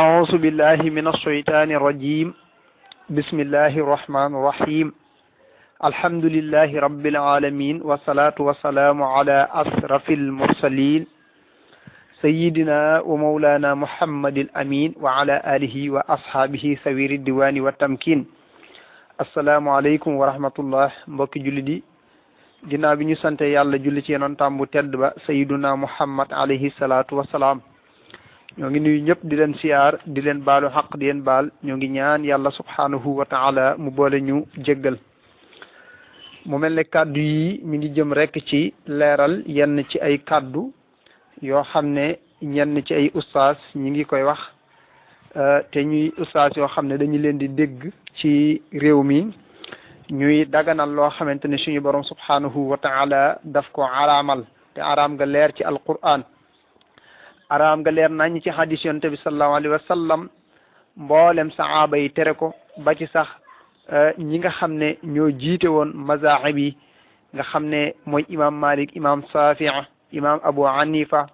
أعوذ بالله من الشيطان الرجيم بسم الله الرحمن الرحيم الحمد لله رب العالمين والصلاة والسلام على أشرف المرسلين سيدنا ومولانا محمد الأمين وعلى آله وأصحابه سوير الديوان والتمكين السلام عليكم ورحمة الله مبكي جلدي جنابي bi ñu sante yàlla julli ci yenoon tam bu tedd ba ñoo ngi nuyu ñëpp di leen siyaar di leen baalu xaq di leen baal ñoo ngi ñaan yàlla subhanahu wa taala mu boole ñu jéggal mu mel ne kàddu yi mi ngi jëm rekk ci leeral yenn ci ay kàddu yoo xam ne ñenn ci ay ustaas ñi ngi koy wax euh, te ñuy ustaas yoo xam ne dañu leen di dégg ci réew mi ñuy daganal loo xamante ne suñu borom subhanahu wa taala daf ko araamal te araam nga leer ci alquran araam nga leer nañ ci hadis yonent bi sallallahu alayhi wa sallam mboolem sahaaba yi tere ko ba sax eh, ñi nga xam ne ñoo jiite woon mazahib bi nga xam ne mooy imam malik imaam safia imam abu hanifa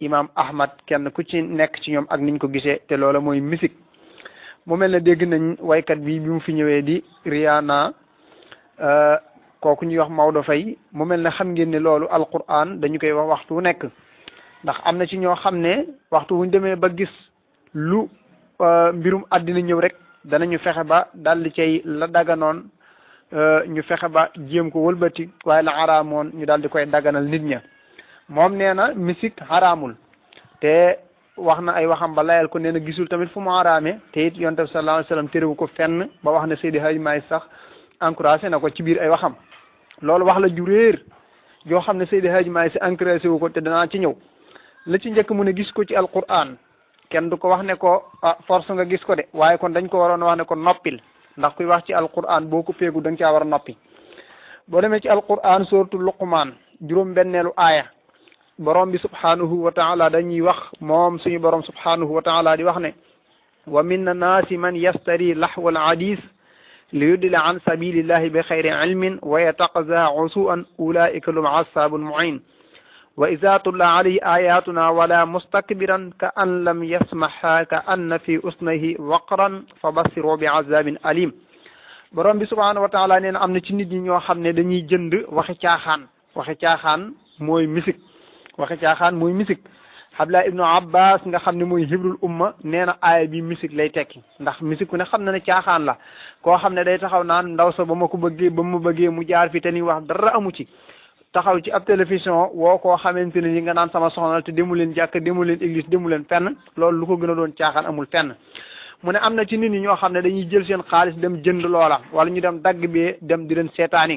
imam ahmad kenn ku ci nekk ci ñoom ak niñ ko gisee te loola mooy misik mu mel ne dégg nañ waykat bi bi mu fi ñëwee di riyaana eh, kooku ñuy wax Maodo Faye mu mel ne xam ngeen ne loolu alquran dañu koy wax waxtu nekk ndax am na ci ñoo xam ne waxtu wuñ demee ba gis lu euh, mbirum àddina ñëw rek dana ñu fexe ba daal di cay la daganoon euh, ñu fexe ba jéem ko wëlbati waaye la xaraamoon ñu daal di koy daganal nit ña moom nee na misik xaraamul te wax na ay waxam ba layal ko nee gisul tamit fu mu xaraamee te it yonent bi sallallahu alayhi wasallam téréwu ko fenn ba wax ne Seydi Hadji Malick sax encouragé na ko ci biir ay waxam loolu wax la ju yoo xam ne Seydi Hadji may si encouragé wu ko te danaa ci ñëw la ci njëkk mu ne gis ko ci alquran kenn du ko wax ne ko ah force nga gis ko de waaye kon dañ ko waroon wax ne ko noppil ndax kuy wax ci alquran boo ko peegu da nga caa war a noppi boo demee ci alquran suratu luqman juróom benneelu aaya borom bi subhanahu wa taala dañuy wax moom suñu borom subhanahu wa taala di wax ne wa min naasi man yastari lahwal hadis li yudila an sabilillahi bi xayri ilmin wa yataqza usuan ulaika lum asabul muin wa ida tulla alayhi ayatuna wala mustakbiran ka an lam yasmaha ka anna fi usnayhi waqran fa basiro bi azabin alim borom bi subhanahu wa taala nee na am na ci nit ñi ñoo xam ne dañuy jënd waxe caaxaan waxi caaxaan mooy misik waxi caaxaan mooy misik Abdullah ibnu Abbas nga xam ne mooy hibrul umma nee na aaya bi misik lay tekki ndax misik ku ne xam na ne caaxaan la koo xam ne day taxaw naan ndaw sa ba ma ko bëggee ba mu bëggee mu jaar fi te ni wax dara amu ci taxaw ci ab télévision woo koo xamante ne ñi nga naan sama soxna te demu leen jàkk demu leen église demu leen fenn loolu lu ko gën a doon caaxaan amul fenn mu ne am na ci nit ñi ñoo xam ne dañuy jël seen xaalis dem jënd loola wala ñu dem dagg be dem di leen seetaani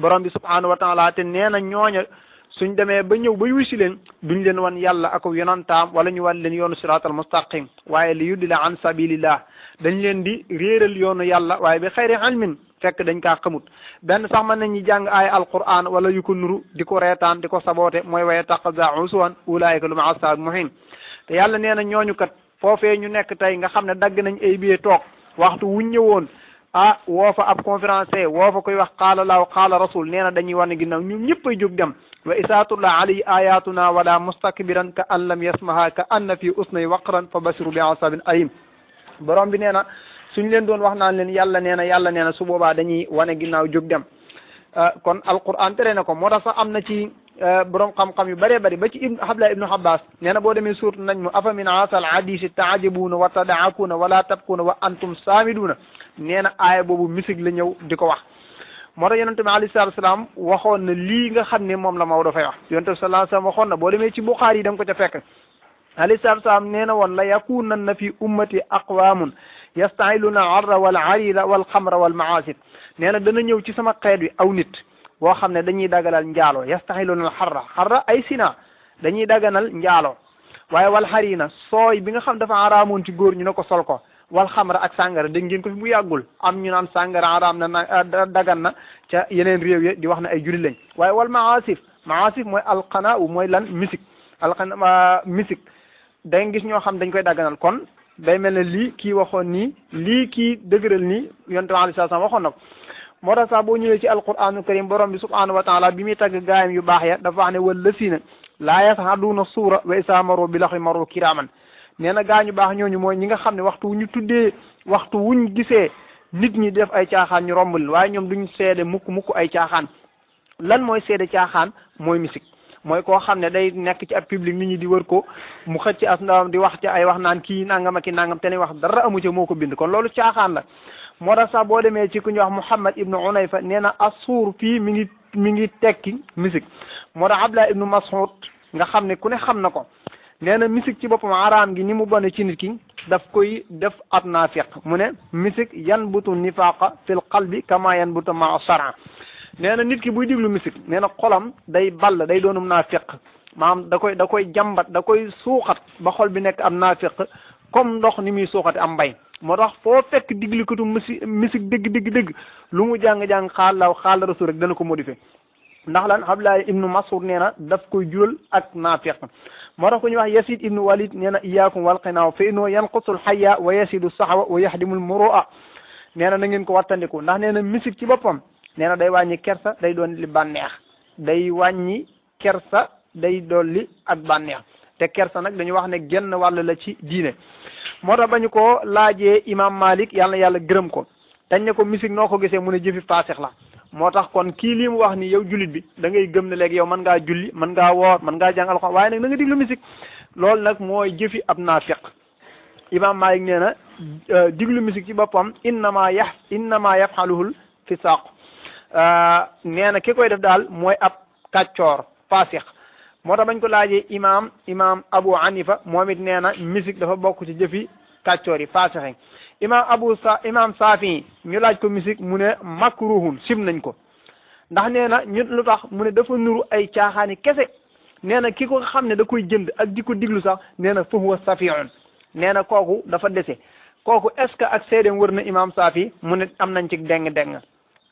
borom bi subhaanahu wa taala te nee na ñooña suñ demee ba ñëw ba wusi leen duñ leen wan yàlla ak yonantaam wala ñu wan leen yoonu siraatal mustaqim waaye li yudila an sabilillah dañ leen di yoonu yàlla waaye bi xayri ilmin fekk dañ kaa xamut benn sax mën nañu jàng ay alquran wala yu ko nuru di ko reetaan di ko saboote mooy waye taqaza usuwan ulaayika lu ma asaab muhim te yàlla nee na ñooñu kat foofee ñu nekk tey nga xam ne dagg nañ ay biyee toog waxtu wuñ ñëwoon ah woo fa ab conférencier woo koy wax qaala laaw qaala rasul nee na dañuy wane ginnaaw ñun ñëpp ay jóg dem wa isaa tulla alayhi ayatuna wala mustakbiran ka an lam yasmaha ka anna fi usnay waqran fa basiru bi asabin ayim borom bi suñ leen doon wax naan leen yàlla nee na yàlla nee na su boobaa dañuy wane ginnaaw jóg dem kon alquran tere na ko moo tax sax am na ci borom xam-xam yu bëree bëri ba ci ibnu habla ibnu habbas nee na boo demee suurtu nañ mu afa min asal hadisi taajabuuna wa tadaakuuna wala tabkuuna wa antum saamiduuna nee na aaya boobu misig la ñëw di ko wax moo tax yonente bi alei salatu salaam waxoon na lii nga xam ne moom la Maodo dafay wax yonente bi salaa salaam waxoon na boo demee ci Buxaari yi da ko ca fekk علي صاحب صاحب نينا والله يكونن في أمتي أقوام يستعيلون العر والعريض والخمر والمعاصي نينا دنا نيو سي سما قيد او نيت و خامني دانيي داغالال نجالو يستعيلون الحر حر اي سينا دانيي داغانال نجالو واي والحرينا صوي بيغا خام دافا عرامون تي غور ني نكو سولكو والخمر اك سانغار دنج نكو بو ياغول ام ني نان سانغار عرامنا آه، داغان نا تا يينن ريو يي دي واخنا اي جولي لاني واي والمعاصي معاصي موي القناء وموي لان ميسيك القناء آه، ميسيك da gis ñoo xam dañ koy dagganal kon day mel na lii kii waxoon nii lii kii dëgëral nii yonent bi alayhi salaam waxoon na ko moo tax sax boo ñëwee ci al alquraanu karim borom bi subhanahu wa taala bi muy tagg gaayam yu baax ya dafa wax ne wala siina laa yashaduuna suura wa isaa maro bi laxi maro kiraaman nee na gaa ñu baax ñooñu mooy ñi nga xam ne waxtu wu ñu tuddee waxtu wu ñu gisee nit ñi def ay caaxaan ñu romb rombal waaye ñoom duñ seede mukk mukk ay caaxaan lan mooy seede caaxaan mooy misik mooy koo xam ne day nekk ci ab public nit ñi di war ko mu xëcc a ndawam di wax ci ay wax naan kii nangam a kii nangam te ni wax dara amu ca moo ko bind ko loolu caaxaan la moo tax sax boo demee ci ku ñuy wax Muhammad ibnu Unayfa nee na asuur fii mi ngi mi ngi tekki musique moo tax Abdullah ibnu Mas'ud nga xam ne ku ne xam na ko nee na musique ci boppam araam gi ni mu bone ci nit ki daf koy def ab naafiq mu ne musique yanbutu nifaqa fil qalbi kama yanbutu ma sara neena nit ki buy diglu musique neena xolam day ball day doonum nafiq manam da koy da koy jàmbat da koy suxat ba xol bi nek am nafiq comme ndox ni mi suuxate am bay moo tax foo fekk diglikatu musi musique dëgg dëgg dëgg lu mu jàng-jàng xal law xal rasul rek dana ko modifié ndax lan Abdullah ibn Mas'ud neena daf koy jural ak nafiq moo tax ku ñuy wax Yasid ibn Walid neena iyyakum wal qinaaw fa innahu yanqusu al hayya wa yasidu sahwa wa yahdimu al murua neena na ngeen ko wattandiku ndax neena na musique ci bopam nee na day wàññi kersa day doon li bànneex day wàññi kersa day li ak bànneex te kersa nag dañu wax ne genn wàll la ci diine moo tax ba ko laajee imam malik yàlla yàlla gërëm ko dañ ne ko misik noo ko gisee mu ne jëfi paasix la moo tax kon kii lii mu wax ni yow jullit bi da ngay gëm ne léegi yow mën ngaa julli mën ngaa woor mën ngaa jàngal ko waaye nag na nga diglu misik loolu nag mooy jëfi ab naafiq imam malik nee na euh, diglu misik ci boppam innama yaf innama yafxaluhul fi saaqu Euh, nee na ki koy def daal mooy ab kàccoor faasix moo tax bañ ko laajee imaam imaam Abu anifa moom it nee na misik dafa bokk ci jëfi kàccoor yi faasix yi imaam Abu Sa imaam Saafi ñu laaj ko misik mu ne makruhun sim nañ ko ndax nee na ñu lu tax mu ne dafa nuru ay caaxaani kese nee na ki ko xam ne da koy jënd ak di ko diglu sax nee na fahuwa safiun nee na kooku dafa dese kooku est ce que ak seedeem wër na imaam Saafi mu ne am nañ ci deng deng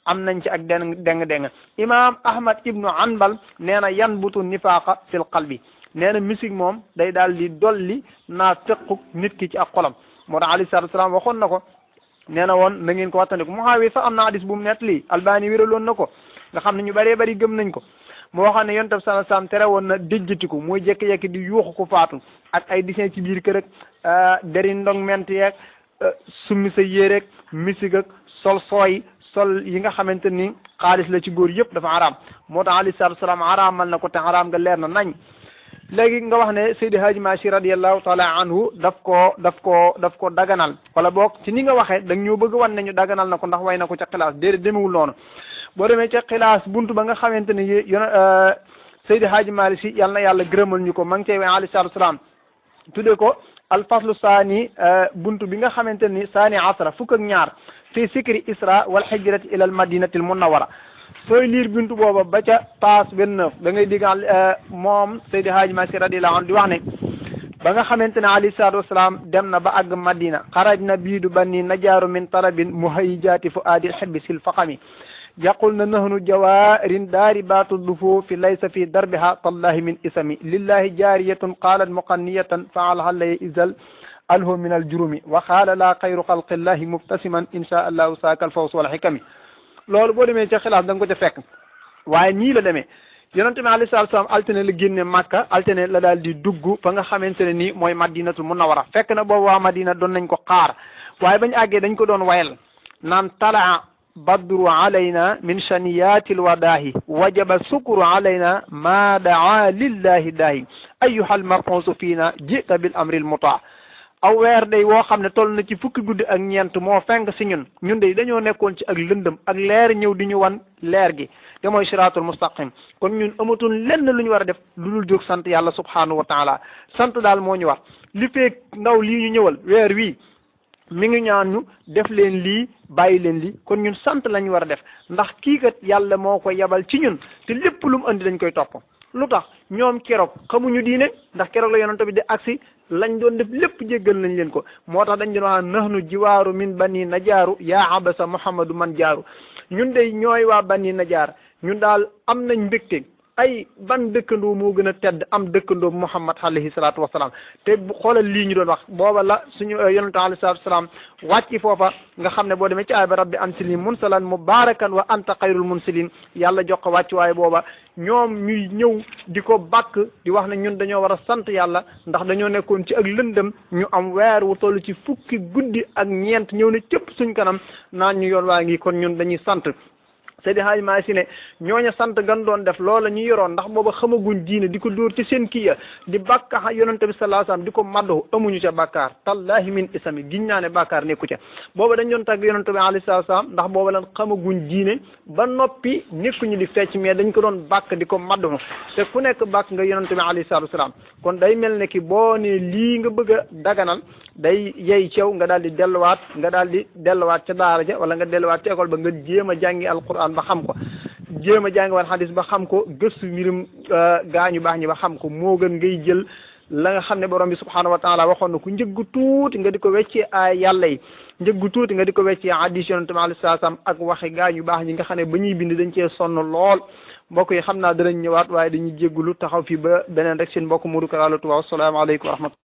am nañ ci ak deng deng deng imaam Ahmad ibnu Hanbal nee na yan butu nifaaqa fil qalbi nee na misik moom day daal di dolli naa tëquk nit ki ci ak kolom moo tax alayhi salaatu salaam waxoon na ko nee na woon na ngeen ko wattandiku Muhaawiya sax am na hadis bu mu nett lii Albani wéraloon na ko nga xam ne ñu bëree bëri gëm nañ ko moo xam ne yonent bi salaam salaam tere woon na déjjatiku mooy jékki jekki di yuuxu ko faatu ak ay disin ci biir kër ak ah, dari ndong ment yeeg ah, summi sa yéreeg sooy sol yi nga xamante ni xaalis la ci góor yëpp dafa araam moo tax alayhi salaatu salaam araamal na ko te araam nga leer na nañ léegi nga wax ne Seydi Haaji Maalik radiyallahu taala anhu daf koo daf koo daf ko daganal wala boog ci ni nga waxee da ñoo bëgg wan ne ñu daganal na ko ndax way na ko ca xilaas déedéet demewul noonu boo demee ca xilaas buntu ba nga xamante ni yon euh, Seydi Haaji Maalik si yal na yàlla gërëmal ñu ko ma ngi cay wax alayhi salaatu salaam tudde ko alfaslu saani euh, buntu bi nga xamante ni saani asra fukk ak ñaar في سكر إسراء والحجرة إلى المدينة المنورة سوي لير بنت بابا بچا باس بن نف دا ngay على موم سيدي حاج ماسي رضي الله عنه دي واخني باغا خامتنا علي صادو سلام دم نبا اغ مدينه خرج نبي دو بني نجار من طرب مهيجات فؤاد الحبس الفقم يقول نهن جوار دار بات الضفوف ليس في دربها طلاه من اسمي لله جارية قالت مقنية فعلها لا يزل أله من الجرم وقال لا خير خلق الله مبتسما إن شاء الله ساك الفوز والحكم لول بو ديمي تي خلاف دانكو تي فك واي ني لا ديمي يونت مي علي صلى الله عليه مكة التن لا دال دي دغ فغا خامنتني ني موي مدينة المنورة فكنا بو وا مدينة دون نانكو خار واي باني اگي دانكو دون وايل نان طلع بدر علينا من شنيات الوداه وجب الشكر علينا ما دعا لله داهي ايها المقوس فينا جئت بالامر المطاع aw weer day woo xam ne toll na ci fukki guddi ak ñeent moo fenk si ñun ñun de dañoo nekkoon ci ak lëndëm ak leer ñëw di ñu wan leer gi te mooy siraatul mustaqim kon ñun amatul lenn lu ñu war a def lu dul jóg sant yàlla subhanahu wa taala sant daal moo ñu wax li feeg ndaw lii ñu ñëwal weer wii mi ngi ñaan ñu def leen lii bàyyi leen lii kon ñun sant lañu war a def ndax kii kat yàlla moo ko yebal ci ñun te lépp lu mu andi dañ koy topp lu tax ñoom keroog lañ doon def lépp jéggal nañ leen ko moo tax dañ doon wax nahnu jiwaaru min bani najaaru yaa abasa muhammadu man jaaru ñun de ñooy waa bani najaar ñun daal am nañ mbégte ay ban dëkkandoo moo gën a tedd am dëkkandoo Muhammad alayhi salaatu wa salaam te xoolal lii ñu doon wax booba la suñu euh, yonente alayhi salaatu wa salaam wàcc foofa nga xam ne boo demee ci aaya ba rabbi ansilni munsalan mubarakan wa anta xayrul munsilin yàlla jox ko wàcc waaye booba ñoom ñuy ñëw di ko bakk di wax ne ñun dañoo war a sant yàlla ndax dañoo nekkoon ci ak lëndëm ñu am weer wu toll ci fukki guddi ak ñeent ñëw ne cëpp suñ kanam naa ñu yoon waa ngi kon ñun dañuy sant Seydi Haaji Maalik Si ne ñooña sant gan doon def loola ñu yoroon ndax booba xamaguñ diine di ko dóor ci seen kii ya di bàkka yonente bi sallallahu alayhi wasallam di ko maddu amuñu ca bàkkaar tallaahi min isami giñ naa ne bàkkaar nekku ca booba dañ doon tàgg yonente bi alayhi salaam ndax booba lan xamaguñ diine ba noppi nekkuñu di fecc mais dañ ko doon bàkk di ko maddu te ku nekk bàkk nga yonente bi alayhi salaam kon day mel ne ki boo ne lii nga bëgg a daganal day yey ceew nga daal di delluwaat nga daal di delluwaat ca daara ja wala nga delluwaat ca école ba nga jéem a jàngi alquran ba xam ko jéem a jàngiwaat xadis ba xam ko gëstu mbirum euh, gaañu baax ñi ba xam ko moo gën ngay jël la nga xam ne borom bi subhaanahu wa taala waxoon na ku njëggu tuuti nga di ko wecce ay yàlla yi tuuti nga di ko wecce hadis yonent bi alayhi salaam ak waxe gaañu baax ñi nga xam ne ba ñuy bindi dañ cee sonn lool mbokk yi xam naa danañ ñëwaat waaye dañuy lu taxaw fii ba beneen rek seen mbokk Modou Kara Lo Touba wasalaamaaleykum wa rahmatulah